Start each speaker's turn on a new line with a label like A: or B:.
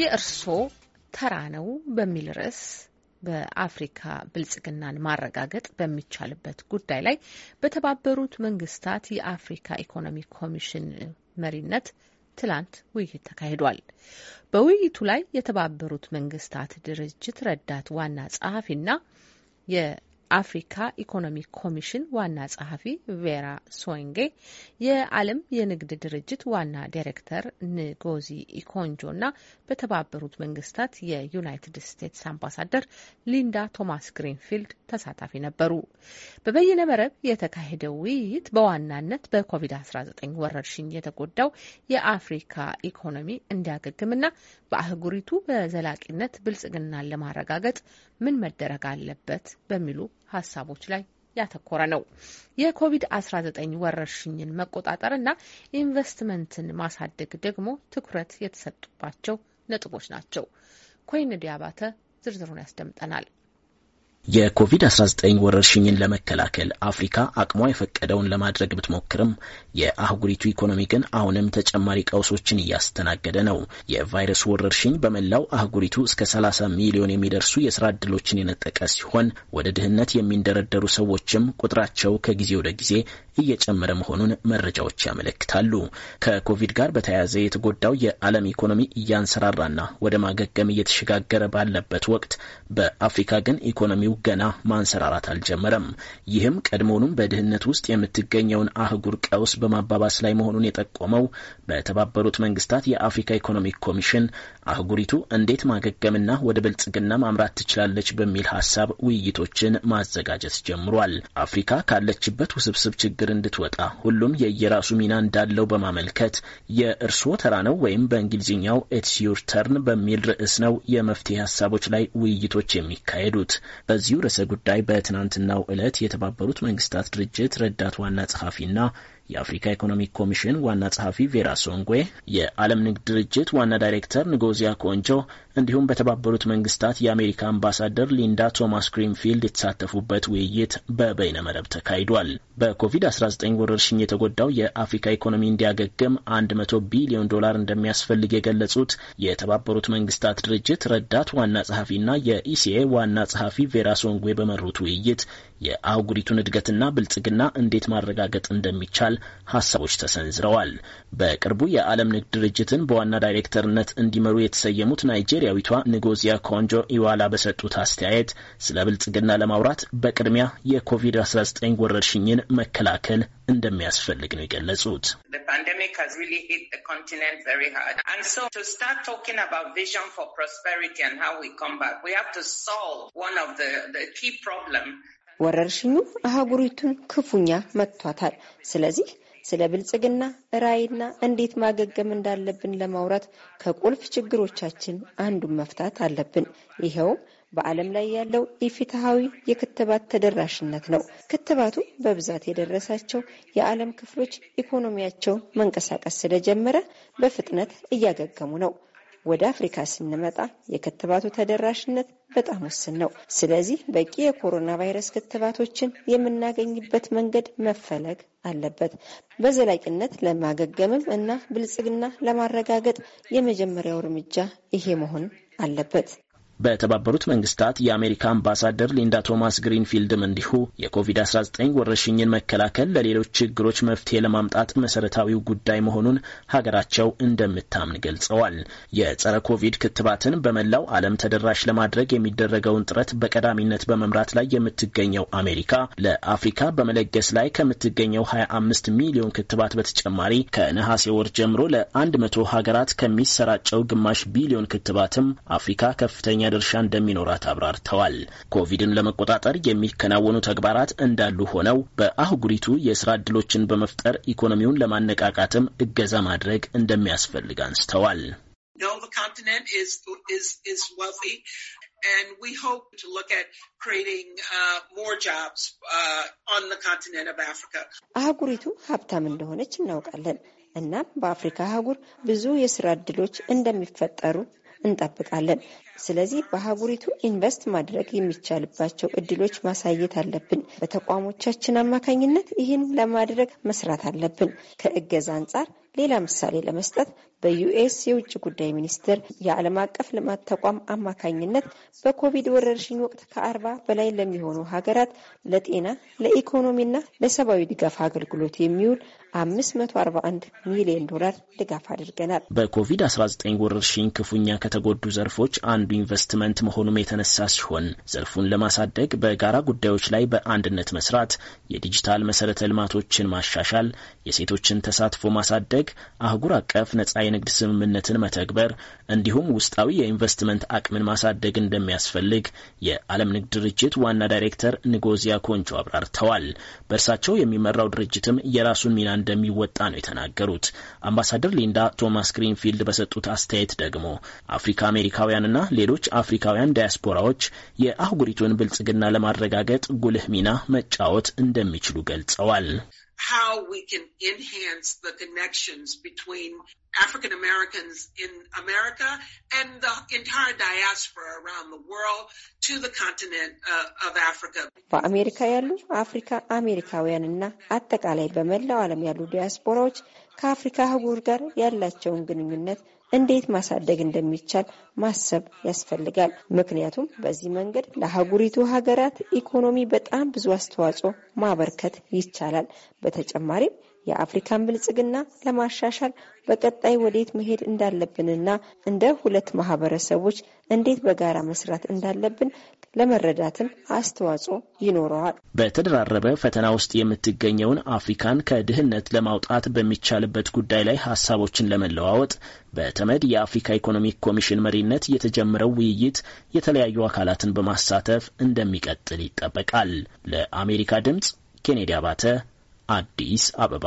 A: የእርሶ ተራ ነው በሚል ርዕስ በአፍሪካ ብልጽግናን ማረጋገጥ በሚቻልበት ጉዳይ ላይ በተባበሩት መንግስታት የአፍሪካ ኢኮኖሚ ኮሚሽን መሪነት ትላንት ውይይት ተካሂዷል። በውይይቱ ላይ የተባበሩት መንግስታት ድርጅት ረዳት ዋና ጸሐፊና አፍሪካ ኢኮኖሚ ኮሚሽን ዋና ጸሐፊ ቬራ ሶንጌ፣ የዓለም የንግድ ድርጅት ዋና ዳይሬክተር ንጎዚ ኢኮንጆ እና በተባበሩት መንግስታት የዩናይትድ ስቴትስ አምባሳደር ሊንዳ ቶማስ ግሪንፊልድ ተሳታፊ ነበሩ። በበይነ መረብ የተካሄደው ውይይት በዋናነት በኮቪድ-19 ወረርሽኝ የተጎዳው የአፍሪካ ኢኮኖሚ እንዲያገግምና በአህጉሪቱ በዘላቂነት ብልጽግናን ለማረጋገጥ ምን መደረግ አለበት በሚሉ ሀሳቦች ላይ ያተኮረ ነው። የኮቪድ-19 ወረርሽኝን መቆጣጠር እና ኢንቨስትመንትን ማሳደግ ደግሞ ትኩረት የተሰጡባቸው ነጥቦች ናቸው። ኮይንዲ አባተ ዝርዝሩን ያስደምጠናል።
B: የኮቪድ-19 ወረርሽኝን ለመከላከል አፍሪካ አቅሟ የፈቀደውን ለማድረግ ብትሞክርም የአህጉሪቱ ኢኮኖሚ ግን አሁንም ተጨማሪ ቀውሶችን እያስተናገደ ነው። የቫይረሱ ወረርሽኝ በመላው አህጉሪቱ እስከ 30 ሚሊዮን የሚደርሱ የስራ ዕድሎችን የነጠቀ ሲሆን ወደ ድህነት የሚንደረደሩ ሰዎችም ቁጥራቸው ከጊዜ ወደ ጊዜ እየጨመረ መሆኑን መረጃዎች ያመለክታሉ። ከኮቪድ ጋር በተያያዘ የተጎዳው የዓለም ኢኮኖሚ እያንሰራራና ወደ ማገገም እየተሸጋገረ ባለበት ወቅት በአፍሪካ ግን ኢኮኖሚው ገና ማንሰራራት አልጀመረም። ይህም ቀድሞውኑም በድህነት ውስጥ የምትገኘውን አህጉር ቀውስ በማባባስ ላይ መሆኑን የጠቆመው በተባበሩት መንግስታት የአፍሪካ ኢኮኖሚክ ኮሚሽን አህጉሪቱ እንዴት ማገገምና ወደ ብልጽግና ማምራት ትችላለች በሚል ሀሳብ ውይይቶችን ማዘጋጀት ጀምሯል። አፍሪካ ካለችበት ውስብስብ ችግር እንድትወጣ ሁሉም የየራሱ ሚና እንዳለው በማመልከት የእርስዎ ተራ ነው ወይም በእንግሊዝኛው ኢትስ ዩር ተርን በሚል ርዕስ ነው የመፍትሄ ሀሳቦች ላይ ውይይቶች የሚካሄዱት። በዚሁ ርዕሰ ጉዳይ በትናንትናው ዕለት የተባበሩት መንግስታት ድርጅት ረዳት ዋና ጸሐፊና የአፍሪካ ኢኮኖሚክ ኮሚሽን ዋና ጸሐፊ ቬራ ሶንጎዌ፣ የዓለም ንግድ ድርጅት ዋና ዳይሬክተር ንጎዚያ ኮንጆ እንዲሁም በተባበሩት መንግስታት የአሜሪካ አምባሳደር ሊንዳ ቶማስ ግሪንፊልድ የተሳተፉበት ውይይት በበይነመረብ ተካሂዷል። በኮቪድ-19 ወረርሽኝ የተጎዳው የአፍሪካ ኢኮኖሚ እንዲያገግም 100 ቢሊዮን ዶላር እንደሚያስፈልግ የገለጹት የተባበሩት መንግስታት ድርጅት ረዳት ዋና ጸሐፊና የኢሲኤ ዋና ጸሐፊ ቬራ ሶንጎዌ በመሩት ውይይት የአህጉሪቱን እድገትና ብልጽግና እንዴት ማረጋገጥ እንደሚቻል ለማሻሻል ሀሳቦች ተሰንዝረዋል። በቅርቡ የዓለም ንግድ ድርጅትን በዋና ዳይሬክተርነት እንዲመሩ የተሰየሙት ናይጄሪያዊቷ ንጎዚያ ኮንጆ ኢዋላ በሰጡት አስተያየት ስለ ብልጽግና ለማውራት በቅድሚያ የኮቪድ-19 ወረርሽኝን መከላከል እንደሚያስፈልግ ነው የገለጹት።
C: ወረርሽኙ አህጉሪቱን ክፉኛ መጥቷታል። ስለዚህ ስለ ብልጽግና ራዕይና እንዴት ማገገም እንዳለብን ለማውራት ከቁልፍ ችግሮቻችን አንዱን መፍታት አለብን። ይኸውም በዓለም ላይ ያለው ኢፍትሐዊ የክትባት ተደራሽነት ነው። ክትባቱ በብዛት የደረሳቸው የዓለም ክፍሎች ኢኮኖሚያቸው መንቀሳቀስ ስለጀመረ በፍጥነት እያገገሙ ነው። ወደ አፍሪካ ስንመጣ የክትባቱ ተደራሽነት በጣም ውስን ነው። ስለዚህ በቂ የኮሮና ቫይረስ ክትባቶችን የምናገኝበት መንገድ መፈለግ አለበት። በዘላቂነት ለማገገምም እና ብልጽግና ለማረጋገጥ የመጀመሪያው እርምጃ ይሄ መሆን
B: አለበት። በተባበሩት መንግስታት የአሜሪካ አምባሳደር ሊንዳ ቶማስ ግሪንፊልድም እንዲሁ የኮቪድ-19 ወረርሽኝን መከላከል ለሌሎች ችግሮች መፍትሄ ለማምጣት መሰረታዊው ጉዳይ መሆኑን ሀገራቸው እንደምታምን ገልጸዋል። የጸረ ኮቪድ ክትባትን በመላው ዓለም ተደራሽ ለማድረግ የሚደረገውን ጥረት በቀዳሚነት በመምራት ላይ የምትገኘው አሜሪካ ለአፍሪካ በመለገስ ላይ ከምትገኘው 25 ሚሊዮን ክትባት በተጨማሪ ከነሐሴ ወር ጀምሮ ለ100 ሀገራት ከሚሰራጨው ግማሽ ቢሊዮን ክትባትም አፍሪካ ከፍተኛ ድርሻ እንደሚኖራት አብራርተዋል። ኮቪድን ለመቆጣጠር የሚከናወኑ ተግባራት እንዳሉ ሆነው በአህጉሪቱ የስራ እድሎችን በመፍጠር ኢኮኖሚውን ለማነቃቃትም እገዛ ማድረግ እንደሚያስፈልግ አንስተዋል። And we hope to look at creating uh, more jobs uh, on the continent of Africa.
C: አህጉሪቱ ሀብታም እንደሆነች እናውቃለን። እናም በአፍሪካ አህጉር ብዙ የስራ እድሎች እንደሚፈጠሩ እንጠብቃለን። ስለዚህ በሀጉሪቱ ኢንቨስት ማድረግ የሚቻልባቸው እድሎች ማሳየት አለብን። በተቋሞቻችን አማካኝነት ይህን ለማድረግ መስራት አለብን። ከእገዛ አንጻር ሌላ ምሳሌ ለመስጠት በዩኤስ የውጭ ጉዳይ ሚኒስቴር የዓለም አቀፍ ልማት ተቋም አማካኝነት በኮቪድ ወረርሽኝ ወቅት ከአርባ በላይ ለሚሆኑ ሀገራት ለጤና ለኢኮኖሚና ለሰብአዊ ድጋፍ አገልግሎት የሚውል 541 ሚሊዮን ዶላር ድጋፍ አድርገናል።
B: በኮቪድ-19 ወረርሽኝ ክፉኛ ከተጎዱ ዘርፎች አንዱ ኢንቨስትመንት መሆኑም የተነሳ ሲሆን ዘርፉን ለማሳደግ በጋራ ጉዳዮች ላይ በአንድነት መስራት፣ የዲጂታል መሰረተ ልማቶችን ማሻሻል፣ የሴቶችን ተሳትፎ ማሳደግ፣ አህጉር አቀፍ ነጻ የንግድ ስምምነትን መተግበር እንዲሁም ውስጣዊ የኢንቨስትመንት አቅምን ማሳደግ እንደሚያስፈልግ የዓለም ንግድ ድርጅት ዋና ዳይሬክተር ንጎዚያ ኮንጆ አብራርተዋል። በእርሳቸው የሚመራው ድርጅትም የራሱን ሚና እንደሚወጣ ነው የተናገሩት። አምባሳደር ሊንዳ ቶማስ ግሪንፊልድ በሰጡት አስተያየት ደግሞ አፍሪካ አሜሪካውያንና ሌሎች አፍሪካውያን ዲያስፖራዎች የአህጉሪቱን ብልጽግና ለማረጋገጥ ጉልህ ሚና መጫወት እንደሚችሉ ገልጸዋል።
A: how we can enhance the connections between African Americans in America and the entire diaspora around the world to the continent uh, of Africa.
C: በአሜሪካ ያሉ አፍሪካ አሜሪካውያንና አጠቃላይ በመላው ዓለም ያሉ ዲያስፖራዎች ከአፍሪካ ጋር ያላቸውን ግንኙነት እንዴት ማሳደግ እንደሚቻል ማሰብ ያስፈልጋል። ምክንያቱም በዚህ መንገድ ለአህጉሪቱ ሀገራት ኢኮኖሚ በጣም ብዙ አስተዋጽኦ ማበርከት ይቻላል። በተጨማሪም የአፍሪካን ብልጽግና ለማሻሻል በቀጣይ ወዴት መሄድ እንዳለብንና እንደ ሁለት ማህበረሰቦች እንዴት በጋራ መስራት እንዳለብን ለመረዳትም አስተዋጽኦ ይኖረዋል።
B: በተደራረበ ፈተና ውስጥ የምትገኘውን አፍሪካን ከድህነት ለማውጣት በሚቻልበት ጉዳይ ላይ ሀሳቦችን ለመለዋወጥ በተመድ የአፍሪካ ኢኮኖሚክ ኮሚሽን መሪነት የተጀመረው ውይይት የተለያዩ አካላትን በማሳተፍ እንደሚቀጥል ይጠበቃል። ለአሜሪካ ድምጽ ኬኔዲ አባተ አዲስ አበባ